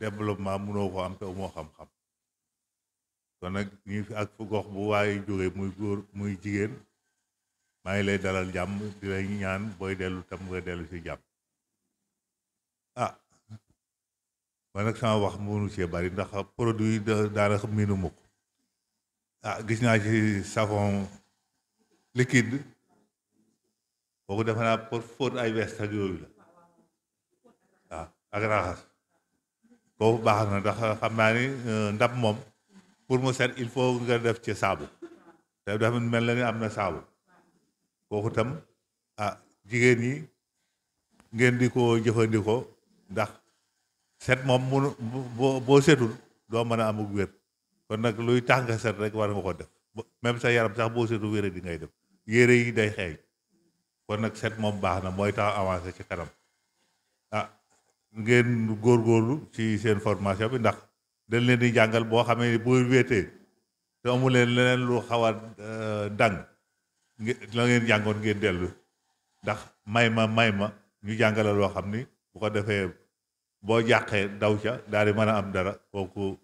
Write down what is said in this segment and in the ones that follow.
développement mënoo ko am te amoo xam-xam kon nag ñu fi ak fu gox bu waaye jóge muy góor muy jigéen maa ngi lay dalal jàmm di lay ñaan booy dellu tam nga dellu si jàmm ah man nag sama wax mënu see bari ndax produit daanaka miinu mukk ah gis naa ci savon liquide boo ko defe naa pour fóot ay west ak yooyu la ah ak raxas kooku baax na ndax xam naa ni euh, ndab moom pour mu set il faut nga def ci saabu te dafa mel na ni am na saabu kooku tam ah jigéen ñi ngeen di ko jëfandikoo ndax set moom munu boo boo setul doo mën a amug wér kon nag luy tax nga set rek war nga ko def même sa yaram sax boo setul wére di ngay def yére yi day xeeñ kon nag set moom baax na mooy tax avancé ci kanam ngeen góor góorlu ci seen formation bi ndax dañ leen di jàngal boo xamee ni boo wéetee te amu leen leneen lu xaw a euh, dàng la ngeen jàngoon ngeen dellu ndax may ma may ma ñu jàngale loo xam ni bu ko defee boo jàqee daw ca daal di mën a am dara kooku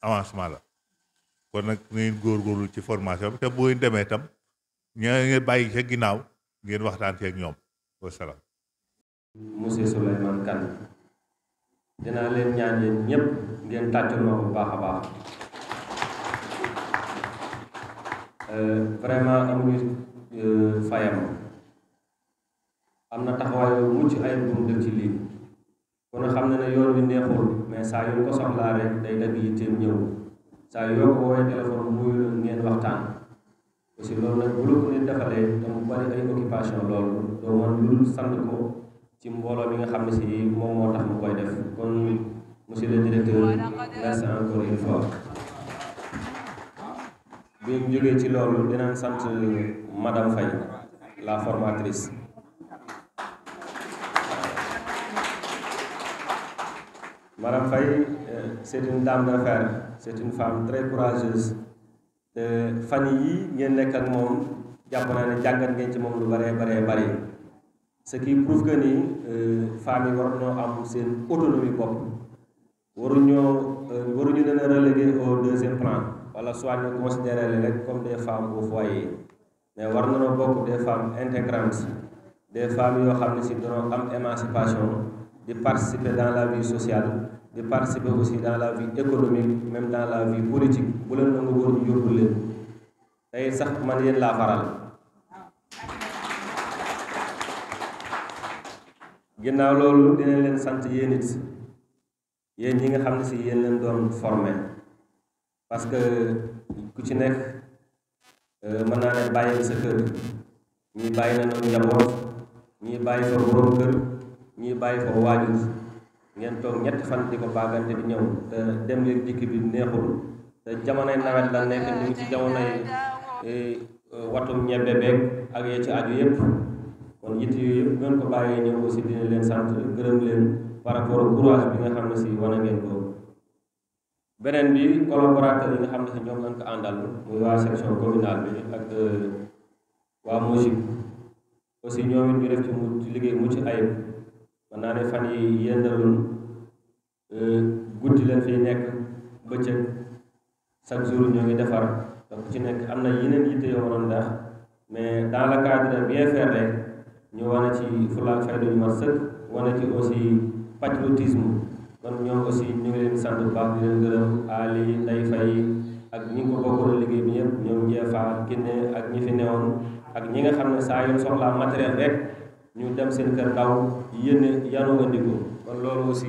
avancement la kon nag ngeen góorgóorlu ci formation bi te bu ngeen demee tam ña ngeen bàyyi ca ginnaaw ngeen waxtaan ci ak ñoom monsieur Souleymane Kane dinaa leen ñaan yéen ñépp ngeen tàccaloo bu baax a baax euh, vraiment amuñu euh, fayam am na taxawaay bu mucc ay bu mu def ci lii kon xam na ne yoon wi neexul mais saa yu ko soxlaa rek day dagg yitteem ñëw saa yoo ko woowee téléphone muy ngeen waxtaan aussi loolu nag bu la ko nit defalee dama bari ay occupation loolu doo man lu sant ci mbolo bi nga xam ci mom mo tax mu koy def kon monsieur le directeur merci encore une fois bi ñu jógee ci loolu dina sant madame fay la formatrice madame fay euh, c'est une dame d'affaires c'est une femme très courageuse te euh, fan yi ngeen nekk ak mom jàpp naa ne jàngat ngeen ci mom lu bare bare bare ce qui prouve que ni euh, femmes ont war autonomie Nous devons waruñu euh, reléguer au deuxième plan wala soit ñu considérer comme des femmes au foyer mais nous beaucoup de des femmes intégrantes des femmes qui ont ne si émancipation participer dans la vie sociale de participer aussi dans la vie économique même dans la vie politique bu leen nangu nous ñu yóbbu sax man ginnaaw loolu dinañ leen sant yéen it yéen ñi nga xam ne si yéen leen doon formé parce que ku ci nekk euh, mën naa ne bàyyi sa kër ñii bàyyi na nag njaboot ñii bàyyi fa borom kër ñii bàyyi fa waajur ngeen toog ñetti fan di ko baagante di ñëw te dem leen dikk bi neexul te jamonoy nawet la nekk ñu ngi ci jamonoy eh, watum ñebe beeg ak ya ci aju yépp kon yitte yooyu yëpp gën ko bàyyee ñëw aussi dina leen sant gërëm leen par rapport au courage bi nga xam ne si wane ngeen ko beneen bi collaborateur yi nga xam ne ko àndal muy waa section bi ak euh, waa MOJIP aussi ñoom it ñu def ci mu ci liggéey mucc ayib man naa ne fan yi yendaloon euh, guddi leen fiy nekk bëccëg chaque jour ñoo ngi defar donc ci nekk am na yeneen yitte yoo ndax mais dans le cadre bien ferré ñu wane ci fulaak fayda yu mat sëkk wane ci aussi patriotisme kon ñoom aussi ñu ngi leen sant bu baax di leen gërëm Ali Ndeye Faye ak ñi ko bokkoon liggéey bi ñëpp ñoom Jeefa ak ñi fi newoon ak ñi nga xam ne saa yu soxlaa matériel rek ñu dem seen kër daw yénn yanoo indi ko kon loolu aussi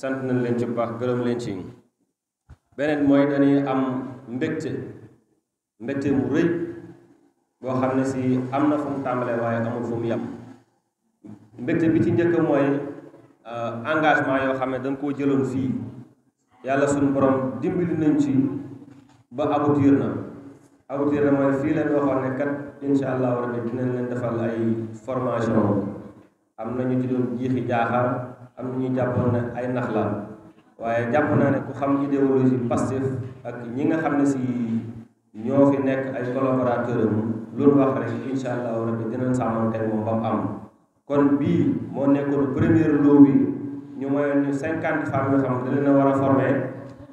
sant nañ leen ci bu baax gërëm leen ci beneen mooy dañuy am mbégte mbégte mu rëy boo xam ne si am na fu mu tàmbalee waaye amul fu mu yem mbégte bi ci njëkk mooy euh, engagement yoo xam ne dañ koo jëloon fii yàlla suñu borom dimbali nañ ci ba aboutir na aboutir na mooy fii leen waxoon ne kat insha allahu rabbi dinañ leen defal ay formation am na ñu ci doon jiixi jaaxaar am na ñu jàppoon ay nax la waaye jàpp naa ne ku xam idéologie Pastef ak ñi nga xam ne si ñoo fi nekk ay collaborateur am lu wax rek incha allahu rabbi dinañ samanté moom ba am kon bi mo nekkoon premier lot bi ñu mayoon ñu 50 femmes yo xam ne dina wara formé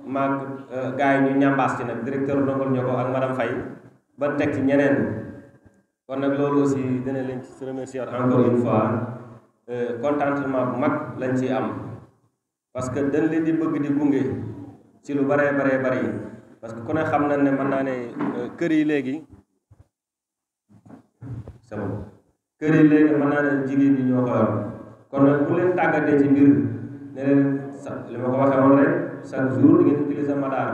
maag euh, gaay ñu ñambaas ci nak directeur ndongol ñoko ak madame fay ba tek ci ñeneen kon nak lolu aussi dina leen ci remercier encore une fois euh contentement bu mag lañ ci am parce que dañ leen di bëgg di gungé ci lu bare bare bare parce que ku ne xam na ne man naa ne euh, kër yi léegi sama kër yi léegi mën naa ne jigéen ñi ñoo ko yor kon nag bu leen tàggatee ci mbir ne leen sa li ma ko waxee woon rek chaque jour di ngeen utiliser madaar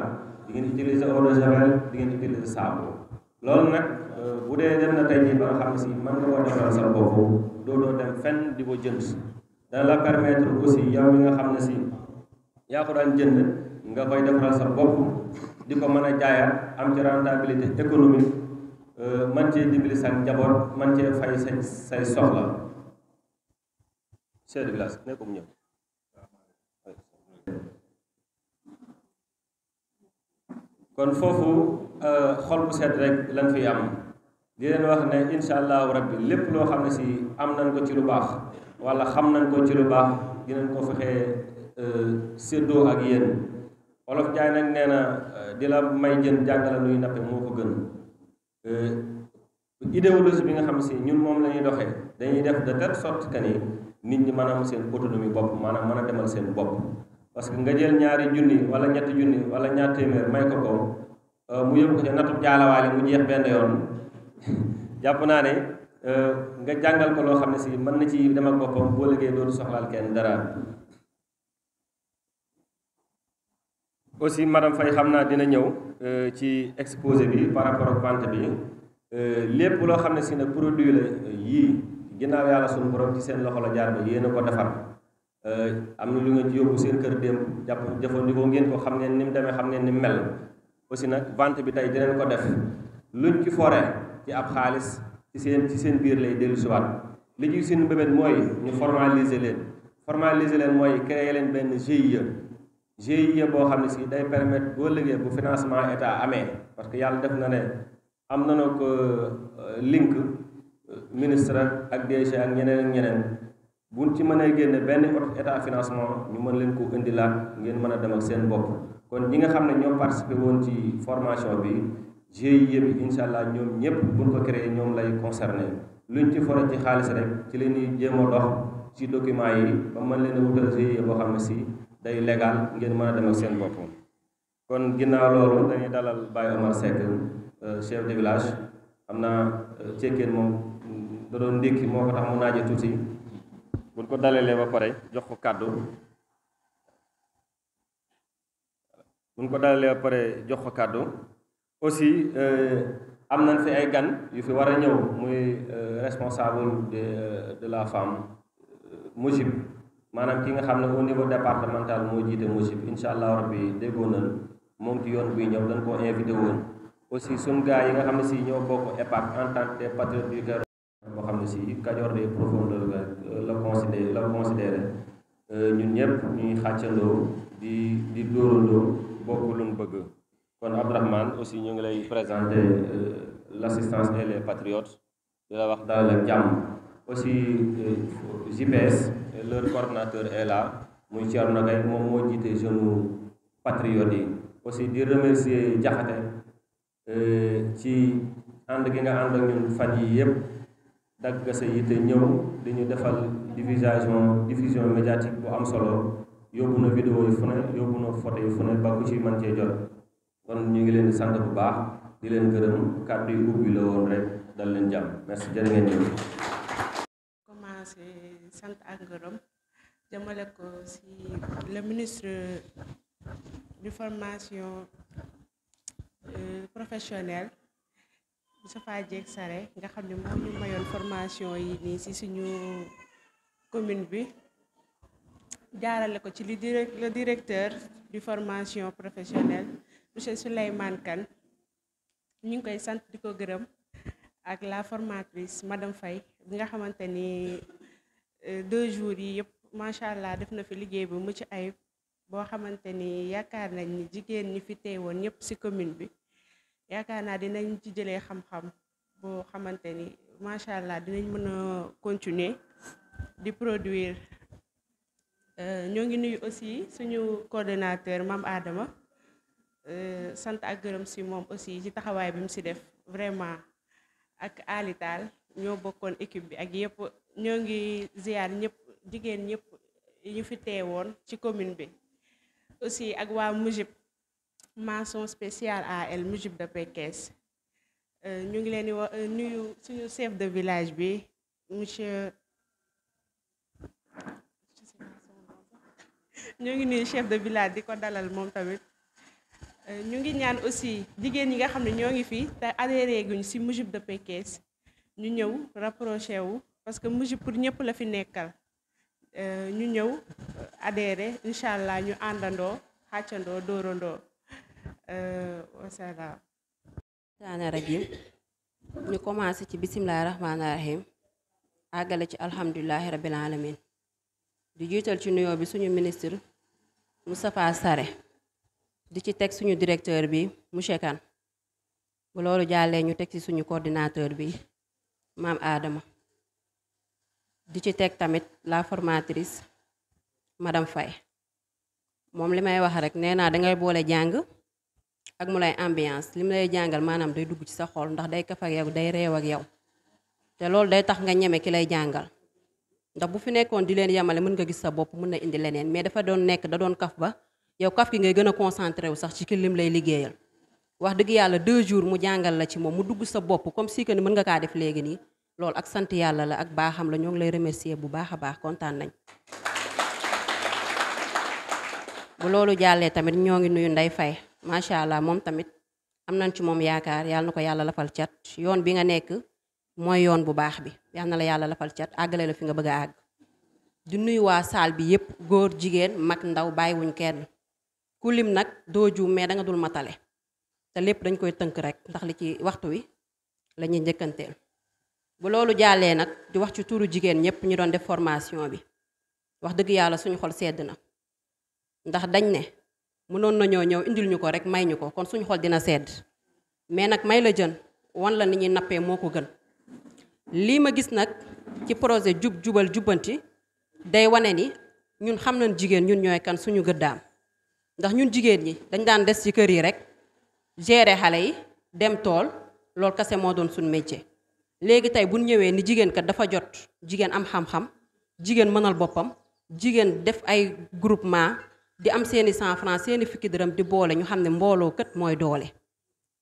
di ngeen utiliser eau de javel di ngeen utiliser saabu loolu nag euh, bu dee dem na tey jii xam ne si mën nga koo defaral sa bopp doo doo dem fenn di ko jënd dana la permettre aussi yow mi nga xam ne si yaa ko daan jënd nga koy defaral sa bopp di ko mën am ci rentabilité économique man ci euh, dimbali sa njaboot man ci fay sa say soxla chef de village ne ko mu ñëw kon foofu euh, xol bu set rek lan fi am di leen wax ne insha allahu rabbi lépp loo xam ne am nañ ko ci lu baax wala xam nañ ko ci lu baax dinañ ko fexee euh, séddoo ak yéen olof jaay nag nee di la may jën jàngale luy nappe moo ko gën euh, idéologie bi nga xam si ñun moom la ñuy doxee dañuy def da telle sorte que ni nit ñi maanaam seen autonomie bopp maanaam mën a demal seen bopp parce que nga jël ñaari junni wala ñetti junni wala ñaar téeméer may ko ko euh, mu yóbbu ko ca natub jaalawaale mu jeex benn yoon jàpp naa ne euh, nga jàngal ko loo xam ne si mën na ci demal ak boppam boo liggéey dootu soxlaal kenn dara aussi madame Faye xam naa dina ñëw euh, ci exposé bi par rapport ak vente bi euh, lépp loo xam ne si ne produit la euh, yii ginnaaw yàlla suñu borom ci seen loxo la jaar ba yéen a ko defar am na lu ngeen ci yóbbu seen kër démb jàpp jëfandikoo ngeen ko xam ngeen ni mu demee xam ngeen ni mu mel aussi nag vente bi tey dinañ ko def luñ ci fore ci ab xaalis ci seen ci seen biir lay dellusiwaat li ci seen mbébét mooy ñu formaliser leen formaliser leen mooy créer leen benn GIE. GIE boo xam ne si day permettre boo liggéey bu financement état amee parce que yàlla def na ne am na ko euh, link euh, ministre ak DG ak ñeneen ak ñeneen buñ ci mënee génne benn ot état financement ñu mën leen ko indilaat ngeen mën a dem ak seen bopp kon ñi nga xam ne ñoo participé woon ci formation bi GIE bi incha allah ñoom ñépp buñ ko créé ñoom lay lu luñ ci foro ci xaalis rek ci leen ñuy jéem a dox ci document yi ba mën leen a xam ne si day légal ngeen mën a dem seen bopp kon ginnaaw loolu dañuy dalal Baye Omar Seck euh, chef de village am na cekkeen euh, moom da doon ndékki moo ko tax mu naaje tuuti buñ ko dalalee ba pare jox ko kàddu buñ ko dalalee ba pare jox ko kàddu aussi euh, am na fi ay gan yu fi war a ñëw muy responsable de de la femme Mujib manam ki nga xamne au niveau départemental mo jité musib incha allah rabbi déggoo nañ moom ci yoon buy ñëw dañ ko invité won aussi sun gaay yi nga xamne ne si ñoo bokk EPAC en tant que patriote du Kajoor boo xamne ne si Kajoor de profondeur euh, la considéré la euh ñun ñëpp ñuy xatchalo di di dóorandoo bokku luñ bëgg kon Abdourahmane aussi ñu ngi lay présenter euh, l'assistance et les patriotes di la wax dalal ak jàmm aussi GPS euh, et leur coordonnateur est là muy na Gaye moom moo jiite jeune patriote yi aussi di remercier Jaxate euh, ci ànd gi nga ànd ak ñun fan yi yëpp dagg sa yitte ñëw di ñu defal diffusion diffusion médiatique bu am solo yóbbu na vidéo yi fu yóbbu na photo yi fu ne ba ku ci mën cee jot kon ñu ngi leen di bu baax di leen gërëm kàddu yu ubbi la woon rek dal leen jàmm merci jërë ngeen ñëw sant ak ngërëm la ko ci le ministre de formation euh, professionnelle Moustapha Diek Saré nga xamni mo ñu mayon formation yi si ci suñu commune bi jaarale ko ci le directeur du formation professionnelle monsieur Souleymane Kan ñu koy sant diko gërëm ak la formatrice madame Faye nga xamanteni Euh, deux jours yii yëpp macha allah def na fi liggéey bu mucc ayib boo xamante ni yaakaar nañ ni jigéen ñi fi woon ñëpp ci commune bi yaakaar naa dinañ ci jëlee xam-xam boo xamante ni macha allah dinañ mën a continuer di produire euh, ñoo ngi nuyu aussi suñu coordonnateur Mame Adama euh, sant ak gërëm ci moom aussi ci taxawaay bi mu ci def vraiment ak alital ñoo bokkoon équipe bi ak yëpp ñoo ngi ziar ñëpp jigéen ñëpp ñu fi woon ci commune bi aussi ak waa MUJIB mention spéciale à l MUJIB de Pekes euh, ñu ngi leen di wax euh, nuyu suñu chef de village bi monsieur ñu ngi nuyu chef de village di ko dalal moom tamit euh, ñu ngi ñaan aussi jigéen ñi nga xam ne ñoo ngi fi te adhéré guñ ci MUJIB de Pekes ñu ñëw rapproché wu parce que MUJIP pour ñëpp la fi nekkal euh, ñu ñëw euh, adhéré incha allah ñu àndandoo xàccandoo dóorandoo euh, wasalaam taana rajim ñu commencé ci bisimilahi rahmaani rahim àggale ci alhamdulilahi rabil alamin di jiital ci nuyoo bi suñu ministre Moustapha Sare di ci teg suñu directeur bi monsieur Kane bu loolu jàllee ñu teg ci suñu coordinateur bi maam aadama di ci teg tamit la formatrice madame fay moom li may wax rek nee naa dangay boole jàng ak mu lay ambiance li mu lay jàngal maanaam day dugg ci sa xool ndax day kaf ak yow day réew ak yow te loolu day tax nga ñeme ki lay jàngal ndax bu fi nekkoon di leen yemale mën nga gis sa bopp mën na indi leneen mais dafa doon nekk da doon kaf ba yow kaf gi ngay gën a concentré wu sax ci ki lim lay liggéeyal wax dëgg yàlla deux jours mu jàngal la ci moom mu dugg sa bopp comme si mën nga kaa def léegi nii loolu ak sant yàlla la ak baaxam la ñoo ngi lay remercier bu baax a baax kontaan nañ bu loolu jàllee tamit ñoo ngi nuyu Ndeye fay macha allah moom tamit am nañ ci moom yaakaar yàlla na ko yàlla lafal cat yoon bi nga nekk mooy yoon bu baax bi yàlla na la yàlla lafal cat àggale la fi nga bëgg àgg di nuyu waa saal bi yépp góor jigéen mag ndaw bàyyiwuñ kenn ku lim nag doo juum mais danga dul matale te lépp dañ koy tënk rek ndax li ci waxtu wi lañuy ñuy bu loolu jàllee nag di wax ci tuuru jigéen ñëpp ñu doon def formation bi wax dëgg yàlla suñu xol sedd na ndax dañ ne mënoon nañoo ñëw indil ñu ko rek may ñu ko kon suñu xol dina sedd mais nag may la jën wan la ni ñuy nappee moo ko gën lii ma gis nag ci projet jub jubal jubbanti day wane ni ñun xam nañ jigéen ñun ñooy kan suñu gëddaam ndax ñun jigéen ñi dañ daan des ci kër yi rek gere xale yi dem tool loolu kase moo doon suñ métier. léegi tey bu ñëwee ni jigéen kat dafa jot jigéen am xam-xam jigéen mënal boppam jigéen def ay groupement di am seeni cent francs seeni fukki dërëm di boole ñu xam ne mbooloo kat mooy doole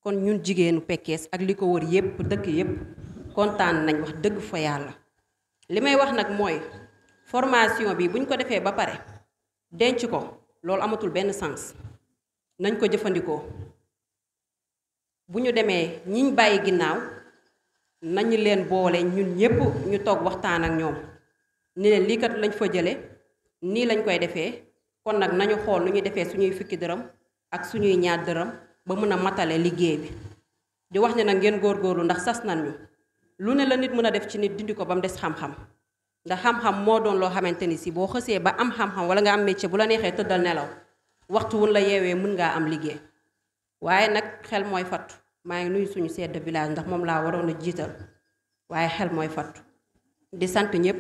kon ñun jigéenu pekkees ak li ko wër yépp dëkk yépp kontaan nañ wax dëgg fa yàlla li may wax nag mooy formation bi buñ ko defee ba pare denc ko loolu amatul benn sens nañ ko jëfandikoo bu ñu demee ñiñ bàyyi ginnaaw nañu leen boole ñun ñëpp ñu toog waxtaan ak ñoom ni leen lii kat lañ fa jële nii lañ koy defee kon nag nañu xool lu ñuy defee suñuy fukki dërëm ak suñuy ñaar dërëm ba mun a matale liggéey bi di wax ne nag ngeen góor góorlu ndax sas nan ñu lu ne la nit mën a def ci nit dindi ko ba mu des xam-xam ndax xam-xam moo doon loo xamante ni si boo xësee ba am xam-xam wala nga am métier bu la neexee tëddal nelaw waxtu wun la yeewee mën ngaa am liggéey waaye nag xel mooy fattu maa ngi nuyu suñu sedd de village ndax moom laa waroon a jiital waaye xel mooy fattu di sant ñëpp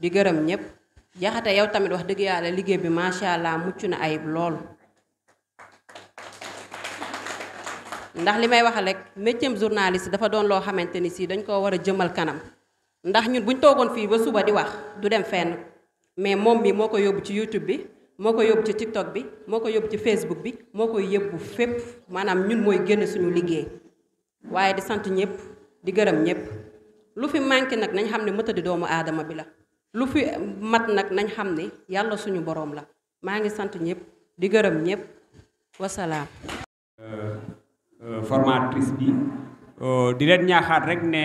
di gërëm ñëpp jaxate yow tamit wax dëgg yàlla liggéey bi macha allah mucc na ayib lool. ndax li may wax rek métier journaliste dafa doon loo xamante ni sii dañ koo war a jëmal kanam ndax ñun buñ toogoon fii ba suba di wax du dem fenn mais moom mi moo ko yóbbu ci YouTube bi. moo ko yóbbu ci TikTok bi moo ko yóbbu ci Facebook bi moo koy yóbbu fépp maanaam ñun mooy génn suñu liggéey waaye di sant ñëpp di gërëm ñëpp lu fi manqué nag nañ xam ne mëta di doomu aadama bi la lu fi mat nag nañ xam ne yàlla suñu boroom la maa ngi sant ñëpp di gërëm ñëpp wasalaam. Euh, euh, formatrice bi euh, di leen ñaaxaat rek ne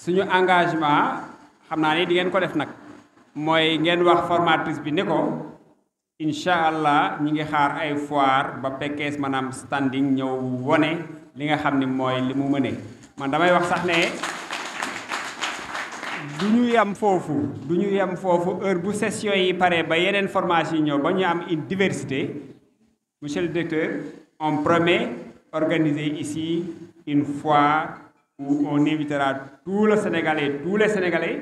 suñu engagement xam naa ne di ngeen ko def nag. mooy ngeen wax formatrice bi ne ko incha allah ñi ngi xaar ay foire ba pekkees maanaam standing ñëw wone li nga xam ni mooy li mu mëne man damay wax sax ne du ñu yem foofu du ñu yem foofu heure bu session yi pare ba yeneen formation yi ñëw ba ñu am une diversité monsieur le directeur on promet organiser ici une foire où on invitera tout le Sénégalais tous les Sénégalais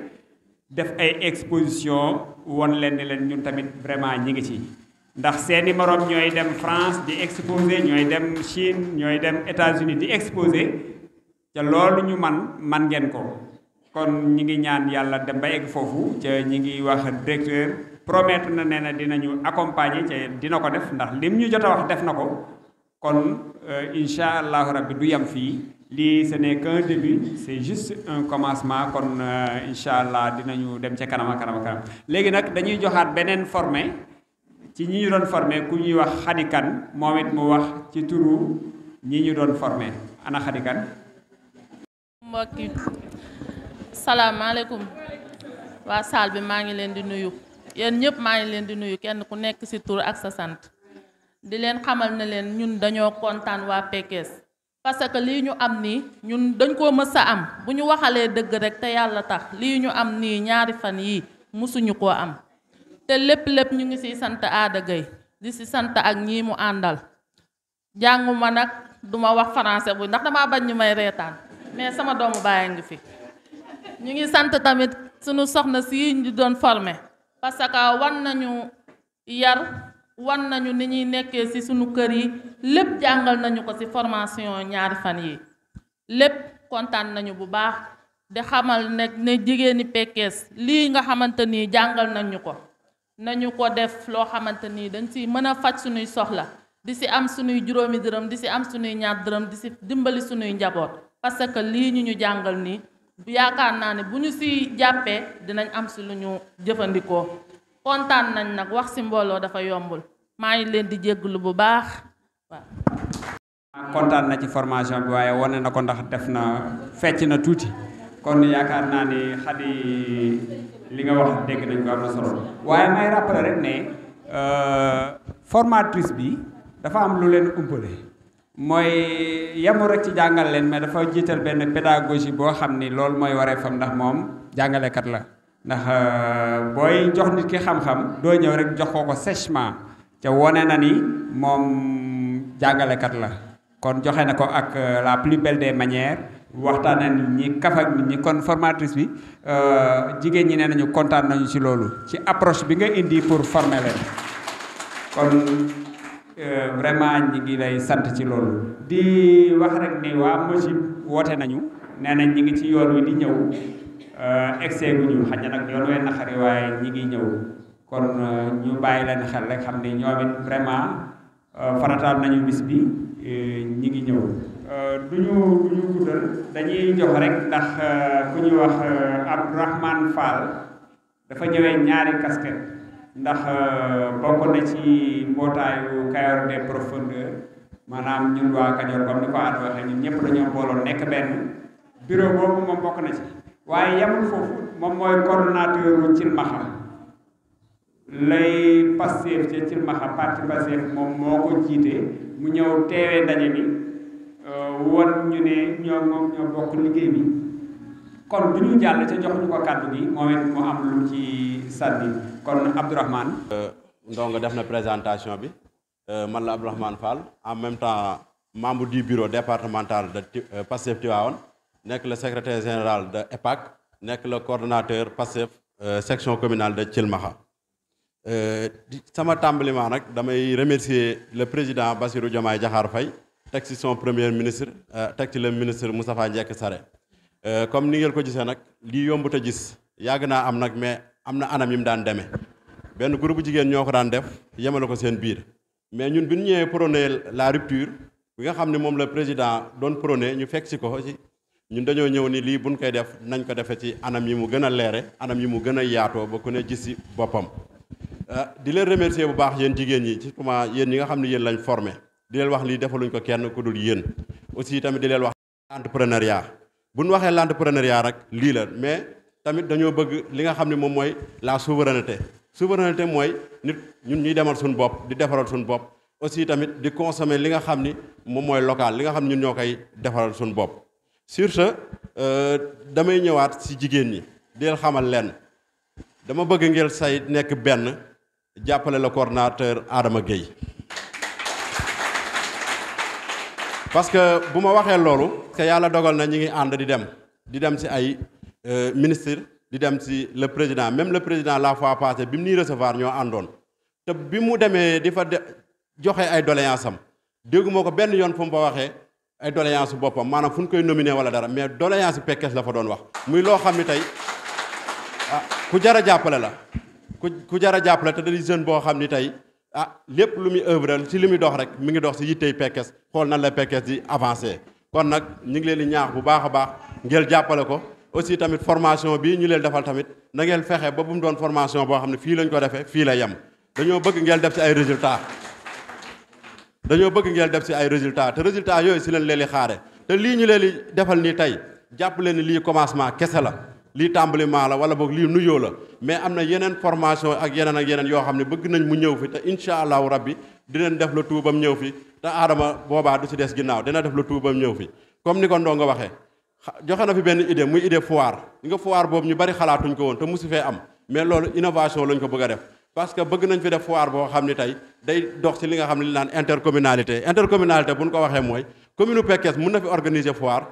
def ay exposition won len ni len ñun tamit vraiment ñi ngi ci ndax seeni morom ñoy dem France di exposer ñoy dem Chine ñoy dem États-Unis di exposer ca loolu ñu man man ngeen ko kon ñi ngi ñaan yalla dem ba egg fofu ca ñi ngi wax directeur promettre na neena dinañu accompagner ca dina ko def ndax lim ñu jot wax def nako kon euh, insha allahu rabbi du yam fi lii ce n'est qu'un début c'est juste un commencement kon euh, incha allah dinañu dem ca kanam a kanam a léegi nag dañuy joxaat beneen formé ci ñi ñu doon formé ku ñuy wax xadikan moom it mu wax ci turu ñi ñu doon formé ana xadikan mbokki salaamaaleykum waa saal bi maa ngi leen di nuyu yéen ñëpp maa ngi leen di nuyu kenn ku nekk ci tur ak sa sant di leen xamal ne leen ñun dañoo kontaan waa Pekes parce que lii ñu am nii ñun dañ koo mës a am bu ñu waxalee dëgg rek te yàlla tax lii ñu am nii ñaari fan yii mosuñu koo am te lépp lépp ñu ngi siy sant Aada Gueye di si sant ak ñii mu àndal jànguma nag duma wax français bu ndax dama bañ ñu may reetaan mais sama doomu bàyyi ngi fi ñu ngi sant tamit sunu soxna sii ñu doon formé parce que war nañu yar wan nañu ni ñuy nekkee ci sunu kër yi lépp jàngal nañu ko ci formation ñaari fan yi lépp kontaan nañu bu baax di xamal ne ne jigéeni Pekes lii nga xamante ni jàngal nañu ko nañu ko def loo xamante ni dañ ci mën a faj sunuy soxla di ci am sunuy juróomi dërëm di ci am sunuy ñaar dërëm di ci dimbali sunuy njaboot parce que lii ñu ñu jàngal nii yaakaar naa ne bu ñu ci jàppee dinañ am ci lu ñu jëfandikoo kontan nañ nak wax ci mbolo dafa yombul ma ngi leen di jéglu bu baax waaw na ci formation bi waye woné na ndax def na fecc na tuuti kon yaakaar naa ni xadi li nga wax dégg nañ ko am na solo waaye may rappeler rek ne euh, formatrice bi dafa am lu leen umpale mooy yamu rek ci jàngal leen mais dafa jiital benn pédagogie boo xam ni loolu mooy waree fam ndax moom jàngalekat la ndax euh, boy jox nit ki xam-xam do ñew rek jox ko ko sèchement ca woné na ni jangalé kat la kon joxé nako ak euh, la plus belle des manières waxtaane ni ñi kaf ak ñi kon formatrice bi euh, jigéen ñi nenañu contane nañu ci lolu ci approche bi nga indi pour former len kon vraiment ñi ngi lay sante ci lolu di wax rek ni mo ci woté nañu nenañ ñi ngi ci yoon di ñew excès euh, gu ñu xaj na nag yoon wee naqari waaye ñi ngi ñëw kon euh, ñu bàyyi leen xel rek xam ne ñoom vraiment euh, farataal nañu bis bi ñi ngi ñëw du ñu du ñu guddal dañuy jox rek ndax ku ñuy wax Abdourahmane Fall dafa ñëwee ñaari casquette ndax bokk na ci mbootaayu Kayor des profondeurs maanaam ñun waa Kajoor comme ni ko ànd waxee ñun ñëpp dañoo booloo nekk benn bureau boobu moom bokk na ci waaye yamul foofu moom mooy coordonnateur Thilmakha lay Pastef ca Thilmakha parti Pastef moom moo ko jiite mu ñëw teewee ndaje bi euh, won ñu ne ñoo moom ñoo bokk liggéey bi kon du ñu jàll ca jox ñu ko kàddu gi moom it mu am lu ci sànni kon Abdourahmane euh, ndongo def na présentation bi euh, man la Abdourahmane Fall en même temps membre du bureau départemental de Pastef Tivaouane nekk le secretaire général de EPAC nekk le coordonnateur PASTEF euh, section communale de Thilmakha euh, sama tàmbaliment nag damay remercier le président bassiru Diomaye Diakhar fay teg ci son premier ministre euh, teg ci le ministre Moustapha Ndiack Sarré comme ni ngeen ko gisee nag lii yombut a gis yàgg naa am nag mais am na anam yi mu daan demee benn groupe jigéen ñoo ko daan def yemale ko seen biir mais ñun bi ñu ñëwee prôné la rupture bi nga xam ne moom la président doon prôné ñu fekk ci ko ñun dañoo ñëw nii lii buñ koy def nañ ko defee ci anam yi mu gën a leere anam yi mu gën a yaatoo ba ku ne gis ci boppam euh, di leen remercier bu baax yéen jigéen ñi ci surtout yéen ñi nga xam ne yéen lañ formé di leen wax lii defaluñ ko kenn ku dul yéen aussi tamit di leen wax entrepreneuriat bu ñu waxee l'entrepreneuriat rek lii la mais tamit dañoo bëgg li nga xam ne moom mooy la souveraineté souveraineté mooy nit ñun ñuy demal suñu bopp di defaral bopp aussi tamit di consommer li nga xam ni moom mooy local li nga xam ñun ñoo koy defaral suñu bopp sur ce euh, damay ñëwaat si jigéen ñi deel xamal lenn dama bëgg ngeen say nekk benn jàppale la coordonnateur Adama Gueye parce que bu ma waxee loolu que yàlla dogal na ñi ngi ànd di dem di dem si ay euh, ministre di dem si le président même le président la fois passée bi mu ñuy recevoir ñoo àndoon te bi mu demee di fa joxe ay doléance am dégguma ko benn yoon fu mu fa waxee ay doléance bopam manam fuñ koy nominer wala dara mais doléance Pekes la fa doon wax muy lo xamni tay ah ku jara a la ku ku jar a jàppale te day jeune bo xamni tay ah lepp lu mi œuvre ci li muy dox rek mi ngi dox ci yittey Pekes xol nan la Pekes di avancer kon nak ñu ngi leen di ñaax bu baaxa baax ngeel jàppale ko aussi tamit formation bi ñu leen defal tamit na ngeel fexé ba bu mu doon formation bo xamni fi lañ ko defee fi la yam dañoo bëgg ngeel def ci ay résultats dañoo bëgg ngeen def si ay résultat te résultats yooyu si leen leen di xaare te lii ñu leen di defal nii tey jàpp leen ni lii commencement kese la lii tàmbaliment la wala boog lii nuyoo la mais am na yeneen formation ak yeneen ak yeneen yoo xam ne bëgg nañ mu ñëw fi te incha allahu rabbi leen def la tuubam ñëw fi te aadama boobaa du si des ginnaaw dina def la tuubam ñëw fi comme ni ko ndoo nga waxee joxe na fi benn idée muy idée foire nga foire boobu ñu bari xalaatuñ ko woon te mosu fee am mais loolu innovation lañ ko bëgg a parce que bëgg nañ fi def foire boo xam ne tey day dox ci li nga xam ne li naan intercommunalité intercommunalité bu ñu ko waxee mooy commune Pekes mun na fi organiser foire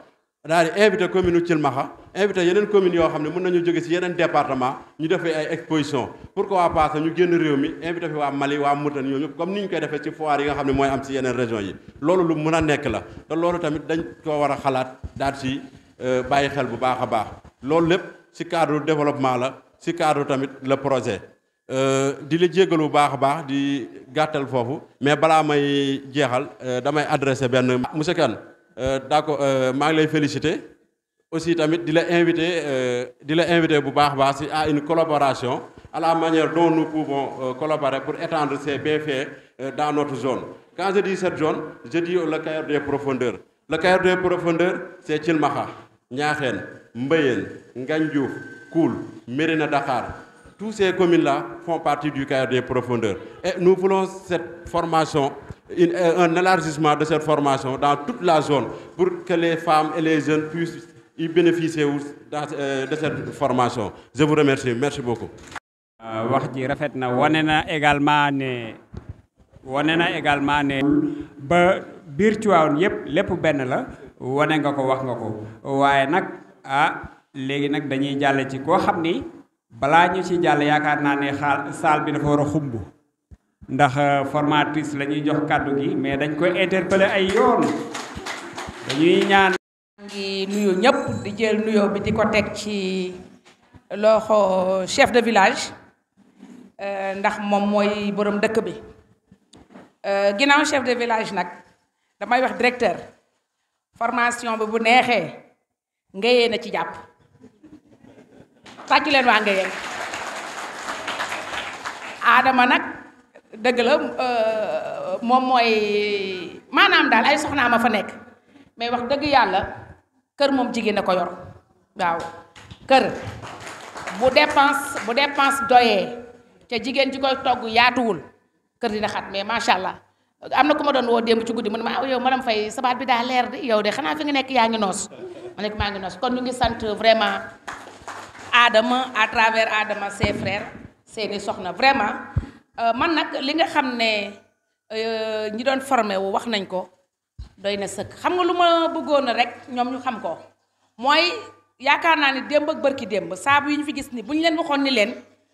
daal di invité commune Thilmakha yeneen communes yoo xam ne mën nañu jóge ci yeneen département ñu defee ay exposition pourquoi pas ñu génn réew mi invité fi waa Mali waa Mauritanie ñooñu comme ni ñu koy defee ci foire yi nga xam ne mooy am ci yeneen lu mën a nekk la te loolu tamit dañ koo war a xalaat daal ci euh, bàyyi xel bu baax a baax loolu lépp ci cadre développement la ci cadre tamit le projet Euh, di la jégalu bu baax a baax di gàttal foofu mais balaa may jeexal euh, damay adressé benn monsieur Kane euh, d'accord maa ngi lay félicité aussi tamit di la invité di la invité bu baax a baax si à une collaboration à la manière dont nous pouvons collaborer pour étendre ces bienfaits dans zone quand je dis cette zone je dis le Cayor des profondeurs le Cayor des profondeurs c'est Thilmakha Niakhène Mbayène Ngandiouf Koul Mérina Dakhar Toutes ces communes-là font partie du cadre des profondeurs. Et nous voulons cette formation, euh, un élargissement de cette formation dans toute la zone pour que les femmes et les jeunes puissent y bénéficier euh, de cette formation. Je vous remercie. Merci beaucoup. Euh, balaa ñu ci jall yaakaar naa ne xaal saal bi dafa war a xumb ndax eh, formatrice la ñuy jox kàddu gi mais dañ koy interpeller ay yoon dañuy ñaan ngi nuyu ñëpp di jël nuyo bi di ko teg ci loxo chef de village eh, ndax moom mooy borom dëkk bi eh, ginnaaw chef de village nag damay wax directeur formation bi bu neexee nga na ci jàpp tàccu leen waa Ngéyeen Adama nag dëgg la euh, moom mooy maanaam daal ay soxnaa ma fa nekk mais wax dëgg yàlla kër moom jigéen a ko yor waaw kër bu dépense bu dépense doyee ca jigéen ji koy togg yaatuwul kër dina xat mais macha allah am na ku ma doon woo démb ci guddi mu ne ma ah, yow madame Faye sabaat bi daa leer de yow de xanaa fi nga nekk yaa ngi noos ma nekk maa ngi noos kon ñu ngi sant vraiment Adama à travers Adama ses frères ni soxna vraiment euh, man nak li nga xamné ne euh, ñi doon formé wu wax nañ ko doyna seuk xam nga luma ma rek ñom ñu xam ko moy yaakaar ni demb ak barki demb sa bu ñu fi gis ni bu ñu leen ni leen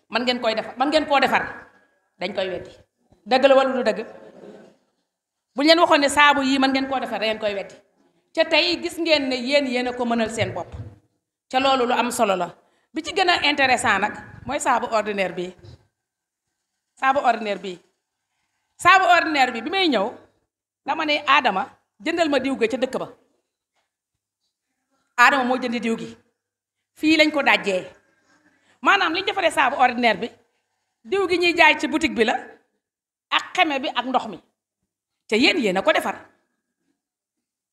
man ngeen koy defar man ngeen ko defar dañ koy weddi deug la walu du deug bu ñu waxon ni sa bu yi man ngeen ko defar da koy weddi ca tay gis ngeen ne yeen yéen ko mënal seen bop ca lolu lu am solo la bi ci gën a intéressant nag mooy saabu ordinaire bi saabu ordinaire bi saabu ordinaire bi bi may ñëw dama ne aadama jëndal ma diw ga ca dëkk ba Adama moo jënd diw gi fii lañ ko dajjee maanaam li ñu defaree saabu ordinaire bi diw gi ñuy jaay ci boutique bi la ak xeme bi ak ndox mi te yéen yéen a ko defar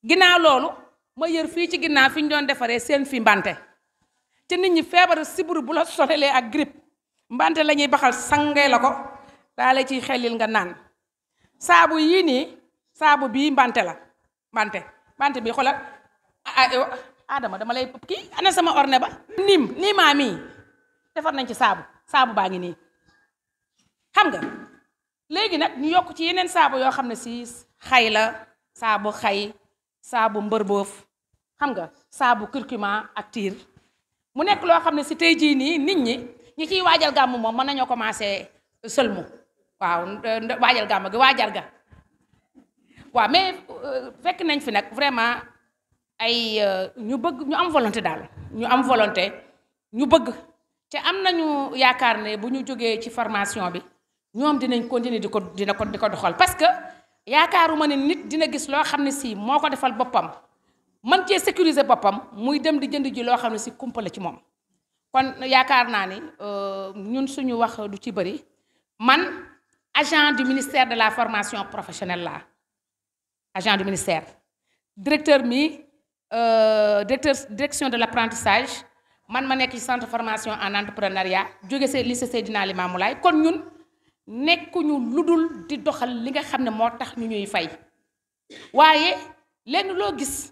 ginnaaw loolu ma yër fii ci ginnaaw fi ñu doon defaree seen fi mbante ci nit ñi feebaru bulat bu la solelee ak grippe mbante lañuy baxal sangee lako dalé ci la xelil nga nan saabu yi ni saabu bi mbante la mbante mbante bi xolal adama dama lay ki ana sama orné ba nim ni mami defar nañ ci saabu saabu baangi ni xam nga légui nak ñu yok ci yenen saabu yo xamné ne si xay la saabu xay saabu boof xam nga saabu curcuma ak tire mu nekk loo xam ne si tey jii nii nit ñi ñi ciy waajal gàmm moom mën nañoo commencé sëlmu waaw waajal gàmm gi waajal ga waa mais euh, fekk nañ fi nag vraiment ay euh, ñu bëgg ñu am volonté daal ñu am volonté ñu bëgg te am nañu yaakaar ne bu ñu jógee ci formation bi ñoom dinañ continuer di ko dina ko di ko doxal parce que yaakaaruma ne nit dina gis loo xam ne si moo ko defal boppam man cee sécuriser boppam muy dem di jënd ji loo xam ne si kumpa la ci moom kon yaakaar naa ni euh, ñun suñu wax du ci bëri man agent du ministère de la formation professionnelle la agent du ministère directeur mi euh, directeur direction de l' apprentissage man ma nekk ci centre formation en entrepreneuriat jóge see lycée Seydina Limamou Laye kon ñun nekkuñu lu dul di doxal li nga xam ne moo tax ñu ñuy fay waaye lenn loo gis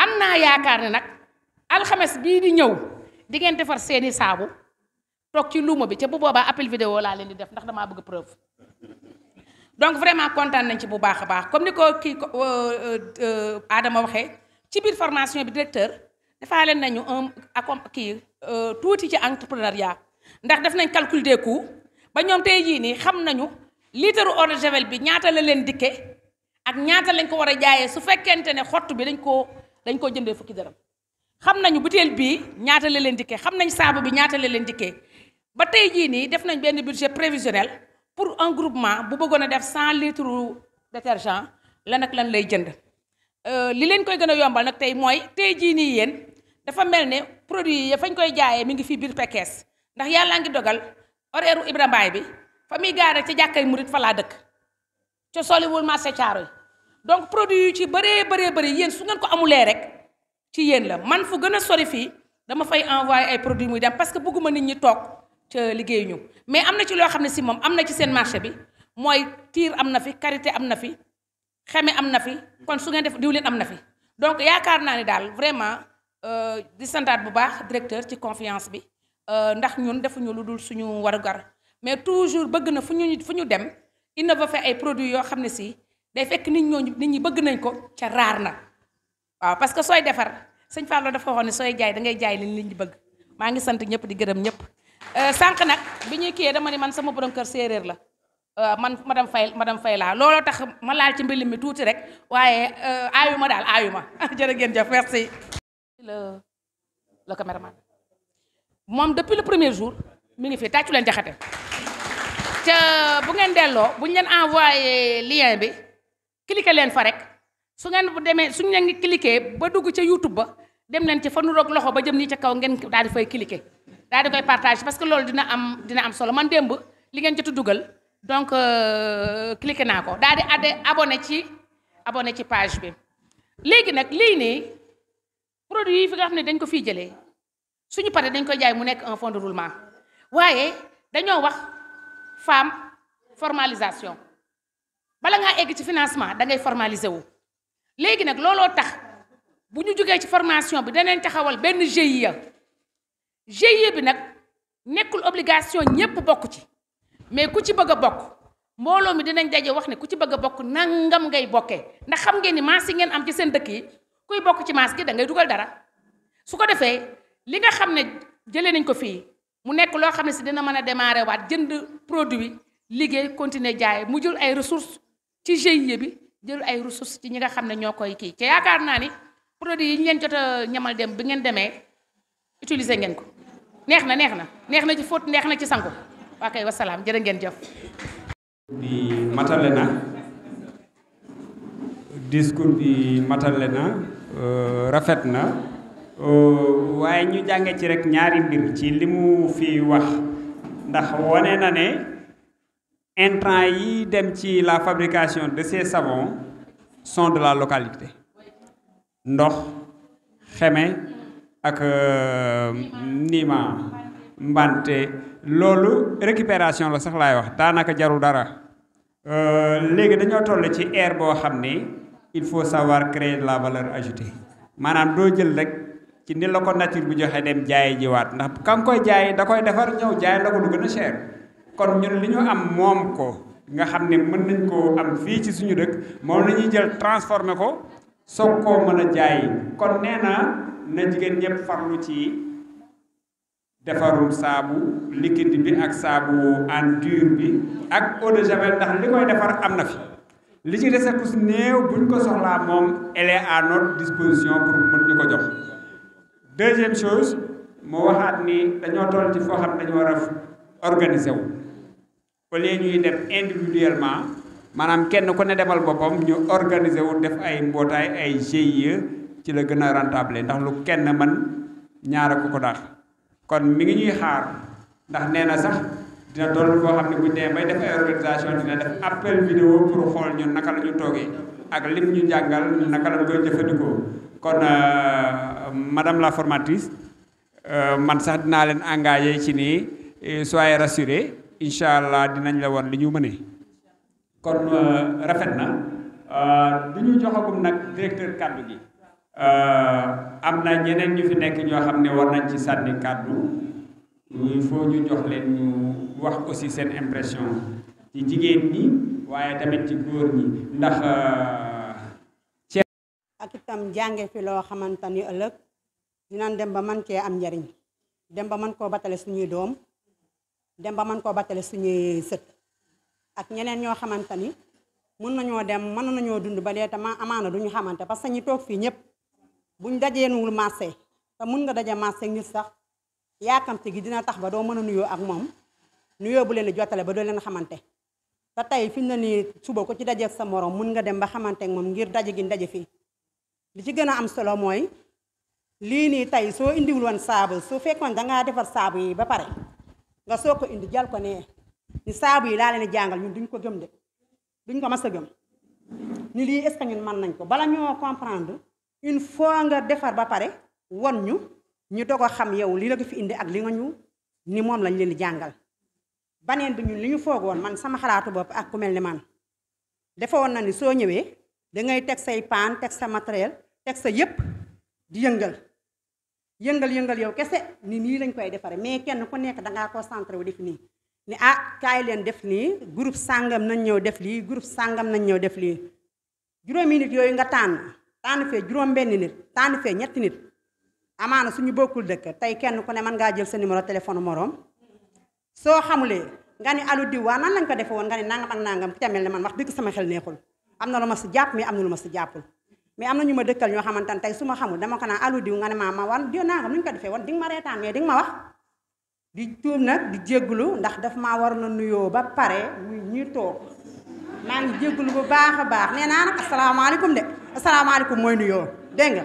am naa yaakaar ne nag alxames bii di ñëw di ngeen defar seeni saabu toog ci luuma bi ca bu boobaa appel vidéo laa leen di def ndax damaa bëgg preuve donc vraiment kontaan nañ ci bu baax a baax comme ni ko kii euh, euh, euh, Adama waxee ci biir formation bi directeur defaa leen nañu un accom kii tuuti ci entrepreneuriat ndax def nañ calcul des ba ñoom tey jii nii xam nañu litre eau de javel bi ñaata la leen dikke ak ñaata lañ ko war a jaayee su fekkente ne xott bi dañ ko dañ koo jëndee fukki dërëm xam nañu butéel bii ñaata la leen dikkee xam nañ saabu bi ñaata la leen dikkee ba tey jii nii def nañ benn budget prévisionnel pour engroupement bu bëggoon a def cent litre détergent la nag lañ lay jënd euh, li leen koy gën a yombal nag tey mooy tey jii nii yéen dafa mel ne produit yi fañ koy jaayee mi ngi fii biir Pekes ndax yàllaa ngi dogal horaire u Ibra Mbaay bi fa muy gaare ci jàkkay murit fa laa dëkk ca soliwul marché Caaroy donc produit yu ci bëree bëree bëri yéen su ngeen ko amulee rek ci yéen la man fu gën a sori fii dama fay envoyé ay produits muy dem parce que bëgguma nit ñi toog ca liggéeyu ñu mais am na ci loo xam ne si moom am na ci seen marché bi mooy tiir am na fi karité am na fi xeme am na fi kon su ngeen def diwlin am na fi donc yaakaar naa ne daal vraiment euh, di santaat bu baax directeur ci confiance bi euh, ndax ñun defuñu lu dul suñu warugar mais toujours bëgg na fu ñu fu ñu dem innové fa ay produits yoo xam ne sii day fekk nit ñoo nit ñi bëgg nañ ko ca rar na waaw parce que soy defar señ fallo dafa waxoon soy jaay da ngay jaay li nit ñi bëgg ma ngi sant ñëpp di gërëm ñëpp euh sank nak bi ñuy kiyé dama ni man sama borom kër séeréer la euh man madame fay madame fay la lolo tax ma laal ci mbilim mi tuuti rek waaye euh ayuma daal ayuma ma jërë ngeen jëf merci le le cameraman mom depuis le premier jour mi ngi fi tàccu len jaxate ca bu ngeen delloo bu ñu envoyer lien bi cliquer leen fa rek su ngeen bu demee suñ leen ngi cliquer ba dugg ca YouTube ba dem leen ci fa nu roog loxo ba jëm nii ca kaw ngeen daal di fay cliquer daa di koy partage parce que loolu dina am dina am solo man démb li ngeen jot a dugal donc euh, cliquer naa ko daal di adde abonné ci abonné ci page bi. léegi nag lii nii produit yi fi nga xam ne dañ ko fiy jëlee suñu paree dañ koy jaay mu nekk en fonds de roulement waaye dañoo wax femme formalisation. bala ngaa egg ci financement da ngay formaliser wu léegi nag looloo tax bu ñu jógee ci formation bi daneen taxawal benn GIE GIE bi nag nekkul obligation ñépp bokk ci mais ku ci bëgg a bokk mbooloo mi dinañ daje wax ne ku ci bëgg a bokk nangam ngay bokkee ndax xam ngeen ni maas yi ngeen am ci seen dëkk kuy bokk ci maas gi da ngay dugal dara su ko defee li nga xam ne jëlee nañ ko fii mu nekk loo xam ne si dina mën a démarrer waat jënd produit liggéey continuer jaay mu jël ay ressources ci GIE bi jël ay ressources ci ñi nga xam ne ñoo koy kii ci yaakaar naa ni produit yi ñu leen jot ñamal dem bi ngeen demee utiliser ngeen ko neex na neex na neex na ci fóot neex na ci sangu waa kay wasalaam jërë ngeen jëf. bi matale na discours bi matale na euh, rafet na euh, waaye ñu jànge ci rek ñaari mbir ci li mu fi wax ndax wane na ne. intrants yi dem ci la fabrication de ces savons sont de la localité ndox xeme ak euh, niima mbante loolu récupération la sax laay wax daanaka jaru dara euh, léegi dañoo toll ci ère boo xam il faut savoir créer de la valeur ajoutée maanaam doo jël rek ci ni la ko nature bu joxe dem jaaye jiwaat ndax kam koy jaay da koy defar ñëw jaay la ko lu gën a cher kon ñun li ñu am moom ko nga xam ne mën nañ koo am fii ci suñu dëkk moom la ñuy jël transformé ko soog koo mën a jaay kon nee na na jigéen ñëpp farlu ci defarum saabu liquide bi ak saabu en dur bi ak eau de javel ndax li koy defar am na fi li ci dese ku si néew buñ ko soxlaa moom elle est à notre disposition pour mën ñu ko jox. deuxième chose moo waxaat ni dañoo toll ci foo xam ne dañu war a organiser wu. au lieu ñuy def individuellement maanaam kenn ku ne demal boppam ñu organiser wu def ay mbootaay ay GIE ci la gën a rentable ndax lu kenn man ñaara ko ko daax kon mi ngi ñuy xaar ndax nee na sax dina toll koo xam ne bu ñu demee def ay organisation dina def appel vidéo pour xool ñun naka la ñu toogee ak lim ñu jàngal naka la koy jëfandikoo kon euh, madame la formatrice euh, man sax dinaa leen engagé ci nii euh, soyez rassurés inshallah dinañ la won liñu mëne kon euh, rafet na euh, du ñu joxagum nag directeur cadre gi euh amna ñeneen ñu fi nek ño xamne war nañ ci sanni cadre ñu fo ñu jox leen ñu wax aussi sen impression ci jigeen ni waye tamit ci goor ni ndax euh, ak tam jànge fi lo xamantani ëlëk ëllëg dinañ dem ba man cee am njariñ dem ba man ko batalé suñu doom dem ba man ko batale suñu seut ak ñeneen ño xamantani ni mën nañu dem mën nañu dund ba dee ma amana duñu xamanté parce que ñi tok fi ñep buñ dajeenwul marché ta mën nga dajé marché ngir sax yaakamti gi dina tax ba do mëna nuyo ak mom nuyo bu leen di ba do leen xamanté ta tay fi na ni suba ko ci dajé sa morom mun nga dem ba xamanté ak mom ngir dajé gi dajé fi li ci gëna am solo ni tay so indi wul won sabu so fekkon da nga defar sabu yi ba pare nga soo ko indi jal ko nee ni saabu yi laa leen jàngal ñun duñ ko gëm de duñ ko mas a gëm ni lii est-ce ñun mën nañ ko bala ñoo comprendre il faut nga defar ba pare won ñu ñu doog xam yow li la ko fi indi ak li nga ñu ni moom lañ leen di jàngal. baneen bi ñun li ñu foogoon man sama xalaatu bopp ak ku mel ni man defoon na ni soo ñëwee da ngay teg say paan teg sa matériel teg sa yépp di yëngal. yengal yengal yow kese ni ni lañ koy defaree mais kenn ku nga ko concentré wu def ni ni ah kay leen def ni groupe sangam nañ ñew def li groupe sangam nañ ñew def li juroom minute yoy nga tan tan fe juroom benn nit tan fe ñett nit seni suñu bokul morom. tay kenn ku ne man nga jël sa numéro téléphone morom so xamulé nga ni alu di wa nan lañ ko defe nga ni nangam ak nangam ku mel man wax sama xel neexul amna lu ma japp mais amna lu ma jappul mais am na ñu ma dëkkal ñoo xamante ne tey su ma xamul dama ko naan alu diw nga ne maa ma wan diw naa nga nu ñu ko defee woon di nga ma reetaan mais di nga ma di tuub ndax daf maa war na nuyoo ba pare muy toog maa ngi baax a baax nee naa nag asalaamaaleykum de asalaamaaleykum mooy nuyoo dégg nga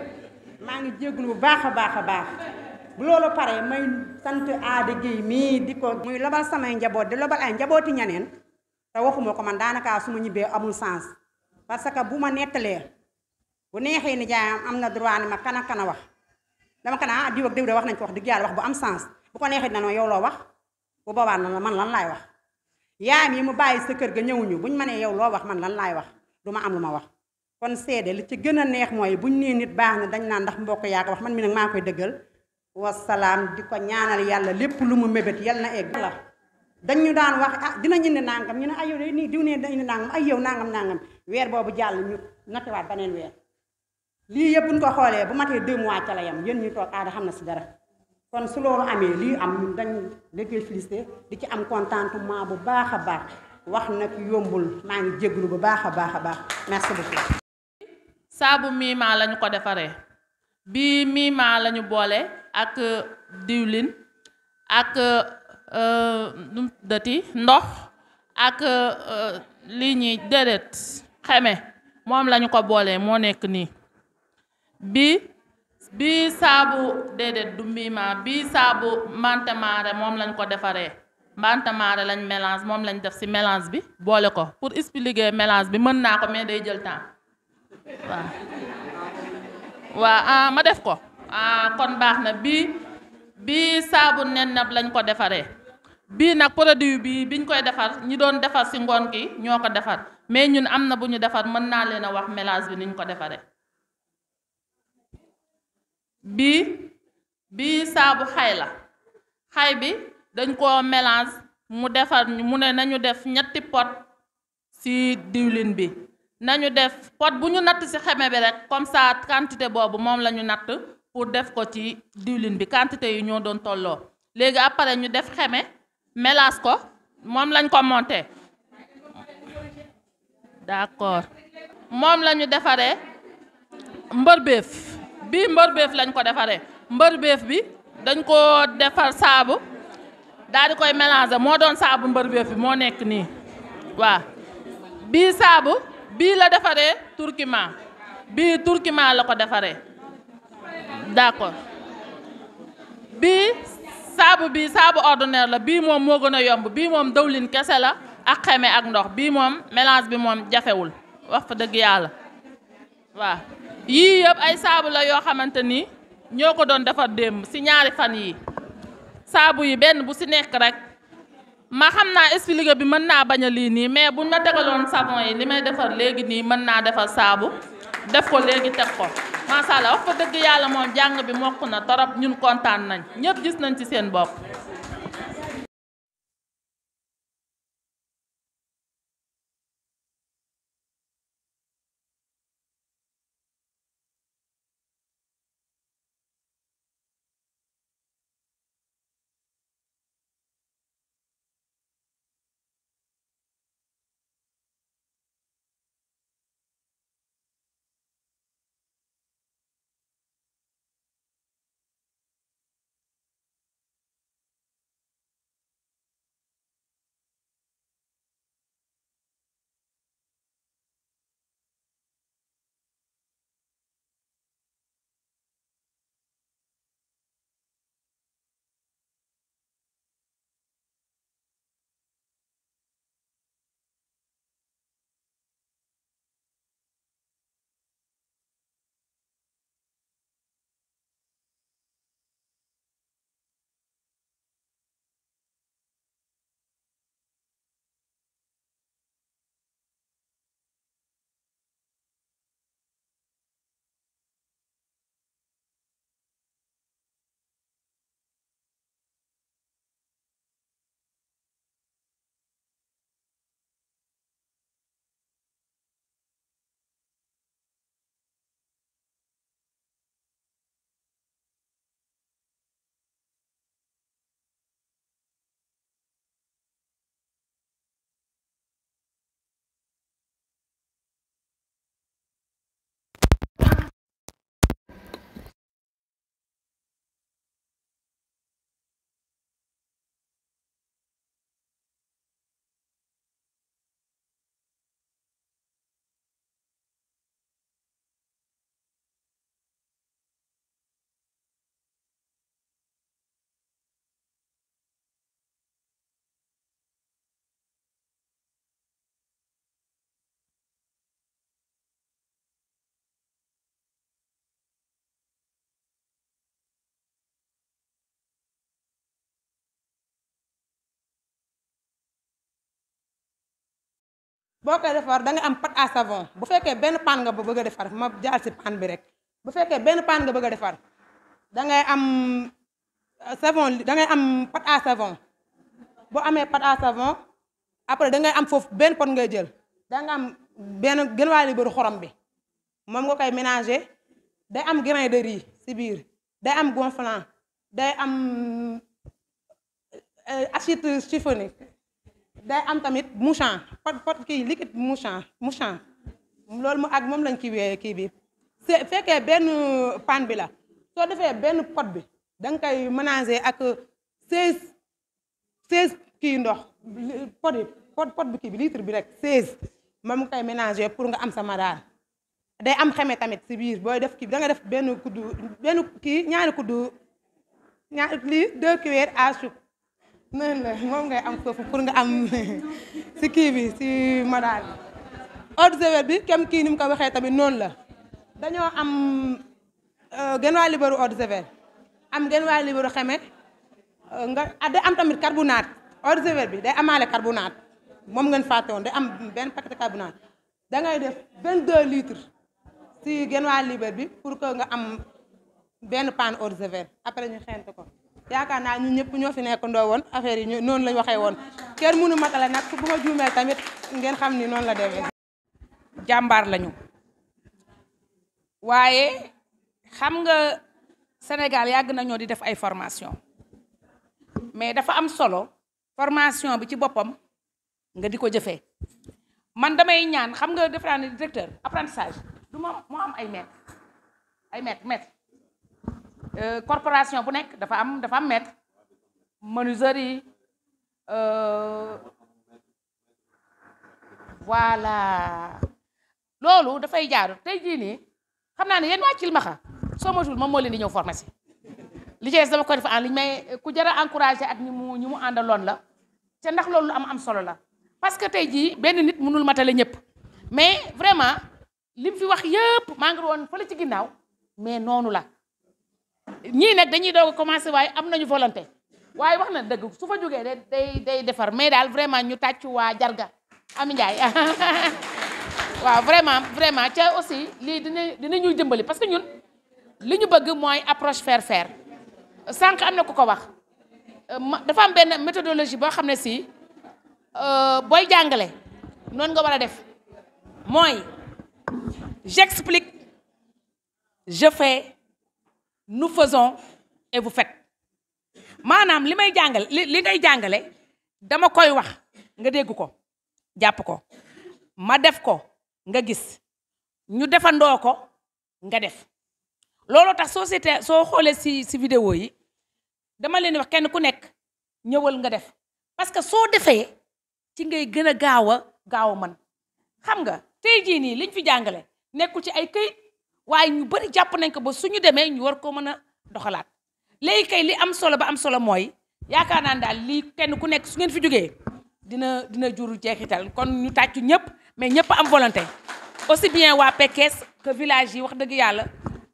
maa ngi jéggulu bu baax a baax a baax bu loolu pare may sant aada géy mii di ko muy samay njaboot di lobal ay njabooti ñaneen te waxuma ko man daanakaa su ma ñibbee amul sens parce que bu ma nettalee bu neexee ni jaayam am na droit ni ma kana kana wax dama kana ah diw ak diw wax nañ ko wax dëgg yàlla wax bu am sens bu ko neexee dina yow loo wax bu boobaa na man lan laay wax yaayam yi mu bàyyi sa kër ga ñëwuñu buñ ma nee yow loo wax man lan laay wax du ma am lu ma wax. kon seede li ci gën a neex mooy buñ nee nit baax dañ naan ndax mbokk yaa wax man mi nag maa koy dëggal wasalaam di ko ñaanal yàlla lépp lu mu mébét yal na egg la dañ ñu daan wax ah dina indi nangam ñu ne ay yow nii diw ne dina indi nangam ay yow nangam nangam weer boobu jàll ñu nattiwaat beneen weer. lii yëpp ñu ko xoolee bu matee deux mois ca la yam yéen ñu toog aada xam na si dara kon su loolu amee lii am ñun dañ léegi félicité di ci am contentement bu baax a baax wax nag yombul maa ngi jéglu bu baax a baax a baax merci beaucoup. saabu miima la ko defaree bii miima lañu boole ak euh, diwlin ak euh, nu ndox ak euh, lii ñuy déedéet xeme moom lañu ko boolee moo nekk nii. bii bi saabu déedéet du miima bi saabu mbantamaare moom lañ ko defaree mbantamaare lañ mélange moom lañ def ci mélange bi boole ko pour expliquer mélange bi mën naa ko mais day jël temps waaw waaw ah, ma def ko ah kon baax na bii bii saabu nen nab lañ ko defaree bii nag produit bi biñ koy defar ñi doon defar ci ngoon gi ñoo ko defar mais ñun am na bu ñu defar mën naa leen a wax mélange bi niñ ko defaree bii bii saabu xay la xay bi dañ koo mélange mu defar mu ne nañu def ñetti pot ci diwlin bi nañu def pot bu ñu natt ci xeme bi rek comme ça quantité boobu moom lañu natt pour def ko ci diwlin bi quantité yi ñoo doon tolloo léegi après ñu def xeme mélange ko moom lañ ko monté d'accord moom lañu defaree mbërbeef bii mbër lañ ko defaree mbër bi dañ koo defar saabu daal di koy mélanger moo doon saabu mbër bi moo nekk nii waaw bii saabu bii la defaree turkiment bii turkiment la ko defaree d'accord bii saabu bii saabu ordinaire la bii moom moo gën a yomb bii moom dawlin kese la ak xeme ak ndox bii moom mélange bi moom jafewul wax fa dëgg yàlla waaw yii yëpp ay saabu la yoo xamante ni ñoo ko doon defar démb si ñaari fan yi saabu yi benn bu si nekk rek ma xam naa expliqué bi mën naa bañ a lii nii mais buñ ma tegaloon savon yi li may defar léegi nii mën naa defar saabu def ko léegi teg ko macha allah wax fa dëgg yàlla moom jàng bi mokk na torop ñun kontaan nañ ñëpp gis nañ ci seen bopp boo koy defar dangay am pâte à savon bu fekkee benn paan nga bëgg a defar ma jaar bi rek bu fekkee benn paan nga bëgg a defar da ngay am euh, savon da dangay am pâte à savon boo amee pâte à savon après dangay am foofu benn pot ngay jël da am benn gën waa xorom bi moom nga koy mélanger day am grain de riz biir day am gonflant day am euh, acide chiffonique day am tamit mouchant pot pot kii liquide mouchant mouchant loolu mu ak moom lañ kii wee kii bi fekkee benn pan bi la soo defee benn pot bi da nga koy mélanger ak seize seize kii ndox pot yi pot pot bi kii bi litre bi rek seize moom nga koy mélanger pour nga am sa madaar day am xeme tamit si biir booy def kii da nga def benn kuddu benn kii ñaari kuddu ñaari lii deux cuillères à soupe noonu la moom ngay am foofu pour nga am si kii bi ci madaal bi bi kem kii ni mu ko waxee tamit noonu la dañoo am euh, genn waa libaru eau de javel am genn waa libaru xeme euh, nga ah, day am tamit carbonate eau de bi day amaale carbonate moom ngeen fàtte woon day am benn paquet de carbonate da ngay def 22 litre si genn waa libar bi pour que nga am benn paan eau après ñu xeent ko yaakaar ñun ñepp ñoo fi nekkandoo won affaire yi ñu noonu lañ waxee woon kër mënu matale nag bu ma tamit ngeen xam ni noonu la demee. jàmbaar lañu waaye xam nga Sénégal yàgg nañoo di def ay formation mais dafa am solo formation bi ci boppam nga di ko jëfee man damay ñaan xam nga defe naa ne directeur apprentissage du ma moo am ay maître ay maître maître Euh, corporation bu nekk dafa am dafa am maître menuiserie euh, voilà loolu dafay jaaru tey jii nii xam naa ne yéen waa Kilmaxa soo moytuwul moom moo leen di ñëw formation li ci dama ko def en ligne mais ku jar a encouragé ak ñi mu ñi mu àndaloon la te ndax loolu lu am am solo la parce que tey jii benn nit mënul matale ñëpp mais vraiment li mu fi wax yëpp maa ngi woon fële ci ginnaaw mais noonu la. ñii nag dañuy doog a commencé waaye am nañu volonté waaye wax na dëgg su fa jógee day day defar mais daal vraiment ñu tàcc waa Jarga Ami Ndiaye waaw vraiment vraiment ca aussi lii dina dina ñuy dëmbali parce que ñun li ñu bëgg mooy approche faire faire sànq am na ku ko wax euh, dafa am benn méthodologie boo xam ne si euh, booy jàngale noonu nga war a def mooy j'explique je fais nous faisons et vous faites vous avez dit, je vous ngay vous dama koy nga ko ya ko ma def ko nga gis ñu def société so si si vidéo yi dama leen wax kenn ku nek def parce que so défé ci ngay vous gaaw man xam nga waaye ñu bëri jàpp nañ ko ba suñu demee ñu war koo mën a doxalaat léegi kay li am solo ba am solo mooy yaakaar naan daal lii kenn ku nekk su ngeen fi jógee dina dina jur jeexital kon ñu tàccu ñëpp mais ñëpp am volonté aussi bien waa Pekes que village yi wax dëgg yàlla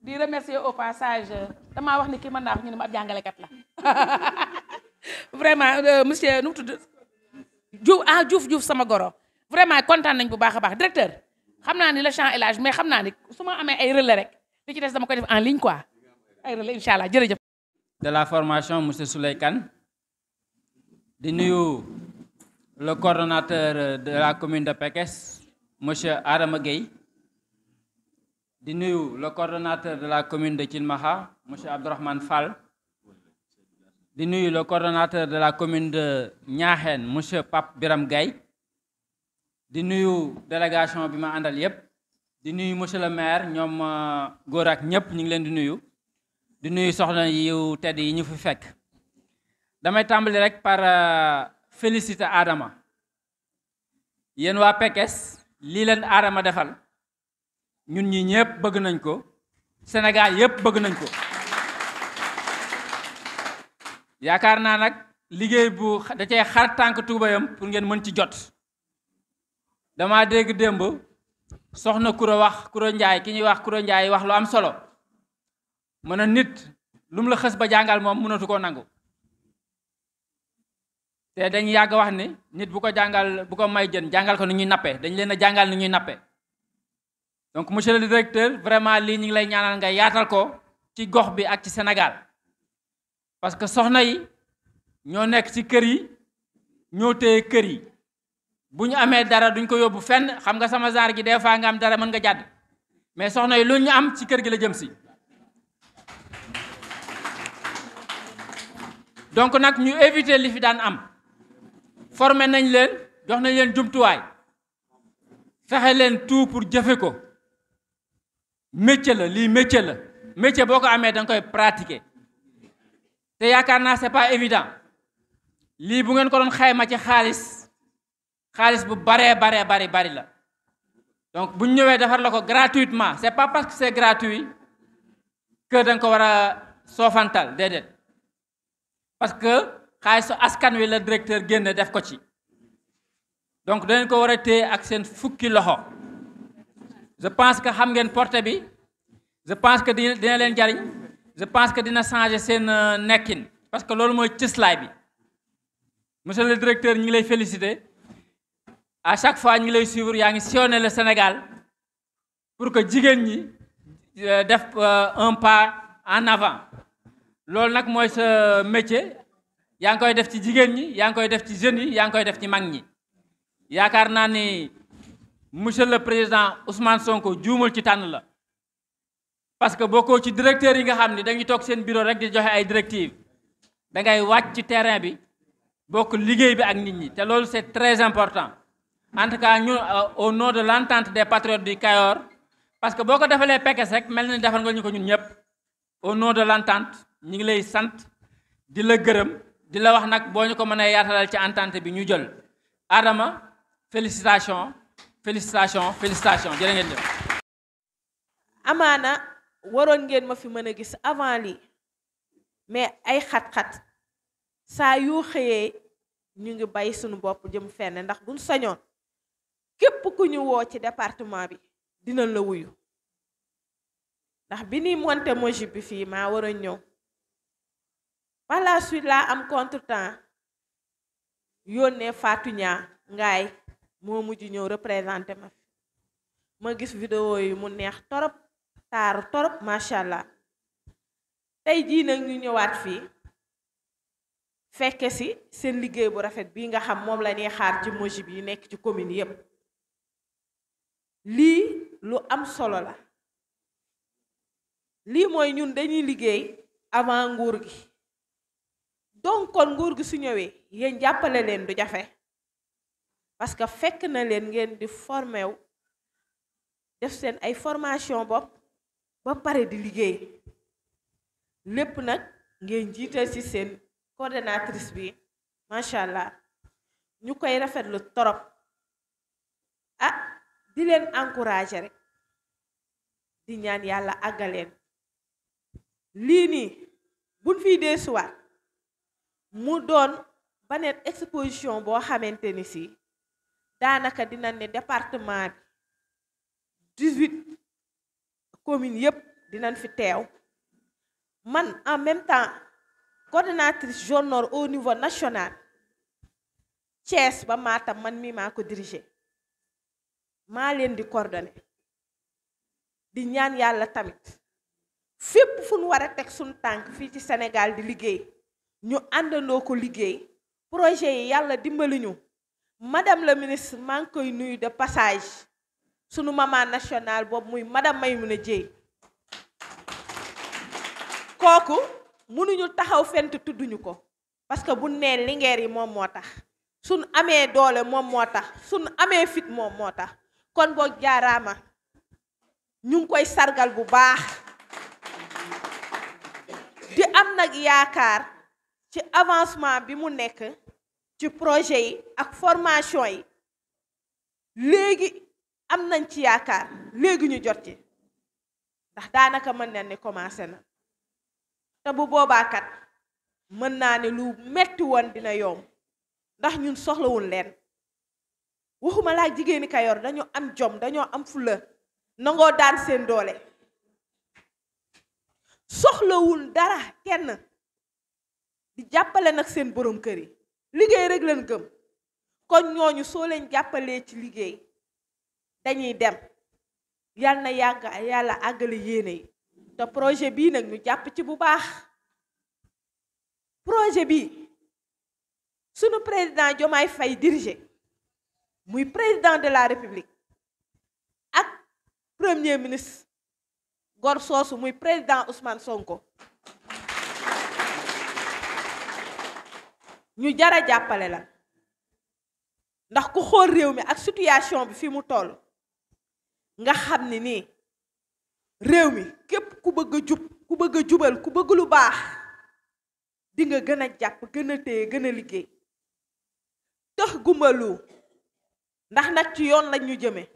di remercier au passage damaa wax ni kii mën naa wax ñu ne ma ab jàngalekat la vraiment euh, monsieur nu mu tudd Diouf ah Diouf Diouf sama goro vraiment kontaan nañ bu baax a baax directeur xamna ni le champ élage mais xamna ni suma amé ay relais rek li ci dess dama koy def en ligne quoi ay relais inshallah allah jërëjëf. de la formation monsieur Souley di nuyu le coordonnateur de la commune de Pekes monsieur Adama gay di nuyu le coordonnateur de la commune de Thilmakha monsieur Abdourahmane Fall di nuyu le coordonnateur de la commune de Niakhène monsieur Pape Biram Gaye di nuyu délégation bima andal àndal yépp di nuyu monsieur le maire ñom euh, goor ak ñépp ñu ngi leen di nuyu di nuyu soxna yu tedd yi ñu fi fekk damay tambali rek par euh, féliciter Adama yeen wa Pekes li leen Adama defal ñun ñi ñépp bëgg nañ ko Sénégal yépp bëgg nañ ko yaakaar naa nag bu da cee xar tànk tuubayam pour ngeen mën ci jot dama deg demb soxna ra wax ra njaay ki ñi wax ra njaay wax lu am solo mën nit lum la xess ba jangal moom mënatu ko nangu té dañ yàgg wax ni nit bu ko jangal bu ko may jën jangal ko ni ñuy nappé dañ leen a jàngal ni ñuy nappé donc monsieur le directeur vraiment li ñi ngi lay ñaanal nga yaatal ko ci gox bi ak ci Sénégal parce que soxna yi ño nek ci kër yi ño téé kër yi buñu amé dara duñ ko yobbu fenn xam nga sama zar gi des nga am dara man nga jadd mais soxna yi luñu am ci kër gi la jëm si donc nak ñu éviter li fi daan am formé nañ leen jox nañ leen way fexé leen tout pour jëfé ko métier la li métier la métier boko amé dang koy pratiquer te yakarna c'est pas évident li bu ngeen ko xayma ci xaalis bu baree baree bari bari la donc bu ñu ñëwee defar la ko gratuitement c'est pas parce que c'est gratuit que da nga ko war a soofantal déedéet parce que xaalisu askan wi la directeur génne def ko ci donc danañ ko war a téye ak seen fukki loxo je pense que xam ngeen porte bi je pense que dina leen jariñ je pense que dina changer seen euh, nekkin parce que loolu mooy cëslaay bi monsieur le directeur ñu ngi lay féliciter à chaque fois ñu lay suivre yaa ngi sillonner le Sénégal pour que jigen ñi euh, def euh, un pas en avant lool nak moy ce métier yaa ngi koy def ci jigen ñi yaa ngi koy def ci jeunes yi yaa koy def ci mag ñi yaakaar na ni monsieur le président Ousmane Sonko juumul ci tan la parce que boko ci directeur yi nga xamni ni dañuy tok sen bureau rek di joxe ay directives da ngay wacc ci terrain bi bokk liguey bi ak nit ñi té loolu c'est très important. en tout cas ñu euh, au nom de l'entente des patriotes du Kayor parce que boo ko defalee pekes rek mel na ni defal nga ñu ko ñun ñëpp au nom de l'entente ñu ngi lay sant di la gërëm di la wax nag boo ñu ko mënee yaatalal ci entente bi ñu jël Adama félicitation félicitation félicitation jërë ngeen jëf amaana waroon ngeen ma fi mën a gis avant lii mais ay xat-xat saa yu xëyee ñu ngi bay sunu bopp jëm fenn ndax buñ sañoon képp ku ñu woo ci département bi dina la wuyu ndax bi ni monté mojib bi fii maa war a ñëw par la suite laa am contretemps yónnee Fatou Niang ngaay moo mujj ñëw représenté ma fi ma gis vidéo yi mu neex torop taaru torop macha allah tey jii nag ñu ñëwaat fii fekke si seen liggéey bu rafet bi nga xam moom la ñuy xaar ci mojib yi nekk ci commune yépp lii lu am solo la lii mooy ñun dañuy liggéey avant nguur gi donc nguur gi su ñëwee yéen jàppale leen du jafe parce que fekk na leen ngeen di formé def seen ay formation bopp ba pare di liggéey lépp nag ngeen jiital ci seen coordonnatrice bi macha ñu koy rafetlu torop ah. di leen encourager rek di ñaan yàlla àggaleen lii nii buñ fii dee suwaat mu doon beneen exposition boo xamante ni si daanaka dina ne département bi 18 commune yépp dinañ fi teew man en même temps coordonnatrice zone au niveau national Thiès ba maatam man mii maa ko diriger maa leen di coordonné di ñaan yàlla tamit fépp fun war a teg suñ tànk fii ci senegal di liggéey ñu àndandoo ko liggéey projet yi yàlla dimbali ñu madame la ministre maa ngi koy nuyu de passage sunu mamaan national boobu muy madame Maïmouna Dièye kooku mënuñu taxaw fent tudduñu ko parce que bu nee lingeer yi moom moo tax suñu amee doole moom moo tax suñ amee fit moom moo tax kon boog jaaraama ñu ngi koy sargal bu baax di am nag yaakaar ci avancement bi mu nekk ci projet yi ak formation yi léegi am nañ ci yaakaar léegi ñu jot ci ndax daanaka mën na ni commencé na te bu boobaakat mën naa ne lu metti woon dina yomb ndax ñun soxlawul leen waxuma laa jigéeni Kajoor dañoo am jom dañoo am fulla nangoo daan seen doole soxlawul dara kenn di jàppale nag seen boroom kër yi liggéey rek leen gëm kon ñooñu soo leen jàppalee ci liggéey dañuy dem yal na yàgga yàlla àggale yéene yi te projet bii nag ñu jàpp ci bu baax projet bi sunu président Diomaye fay dirigé muy président de la république ak premier ministre gor sosu muy président Ousmane Sonko ñu jara jappalé la ndax ku xool réew mi ak situation bi fi mu toll nga xamni ni nii réew mi kep ku bëgg jup ku bëgg jubal ku bëgg lu baax di nga gëna japp gëna téy gëna tax gumbalu ndax nag ci yoon lañ ñu jëmee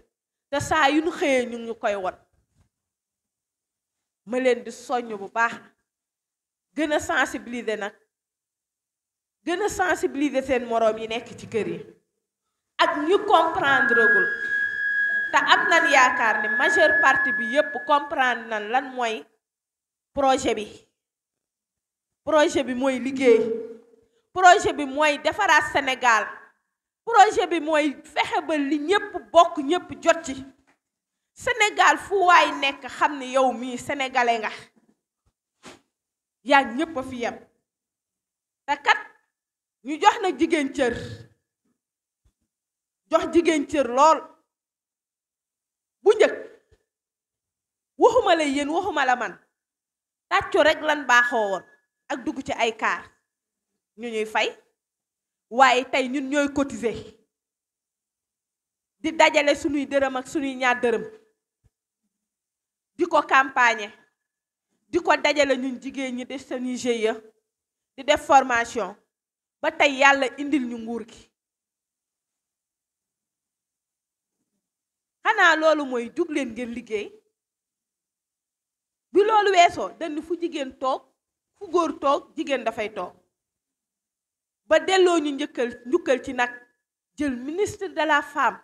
te saa yu ñu xëyee ñu ngi koy won ma leen di soññ bu baax gën a sensibiliser nag gën a sensibiliser seen moroom yi nekk ci kër yi ak ñu comprendre gul te am nan yaakaar ni majeure partie bi yépp comprendre nan lan mooy projet bi projet bi mooy liggéey projet bi mooy defaraat Sénégal projet bi mooy fexe ba li ñépp bokk ñépp jot ci senegal fu waay nekk xam ni yow mii sénégalais nga yaa ñépp a fi yem te kat ñu jox na jigéen cër jox jigéen cër lool bu njëkk waxuma la yéen waxuma la man tàccu rek lan baaxoo woon ak dugg ci ay kaar ñu ñuy fay waaye tey ñun ñooy cotisé di dajale suñuy dërëm ak suñuy ñaar dërëm di ko campagne di ko dajale ñun jigéen ñi def suñuy GIE di def formation ba tey yàlla indil ñu nguur gi xanaa loolu mooy jug leen ngeen liggéey bi loolu weesoo dañ fu jigéen toog fu góor toog jigéen dafay toog ba delloo ñu njëkkal njukkal ci nag jël ministre de la femme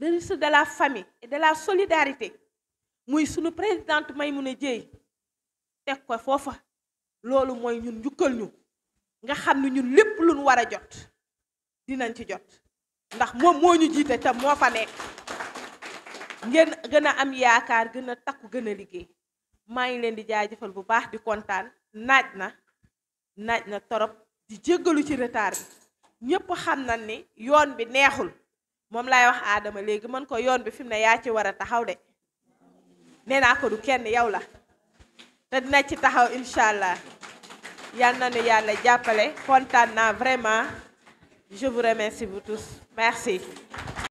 ministre de la famille et de la solidarité muy sunu présidente Maimouna Dièye teg ko foofa loolu mooy ñun njukkal ñu nga xam ni ñun lépp luñ war a jot dinañ ci jot ndax moom moo ñu jiite te moo fa nekk ngeen gën a am yaakaar gën a takku gën a liggéey maa ngi leen di jaajëfal bu baax di kontaan naaj na naaj na torop di jéggalu ci retard bi ñëpp xam na ni yoon bi neexul moom laay wax aadama léegi mën ko yoon bi fi mu ne yaa ci war a taxaw de nee naa ko du kenn yow la te dina ci taxaw incha allah yal na nu yàlla jàppale kontaan naa vraiment je vous bu vous tous merci.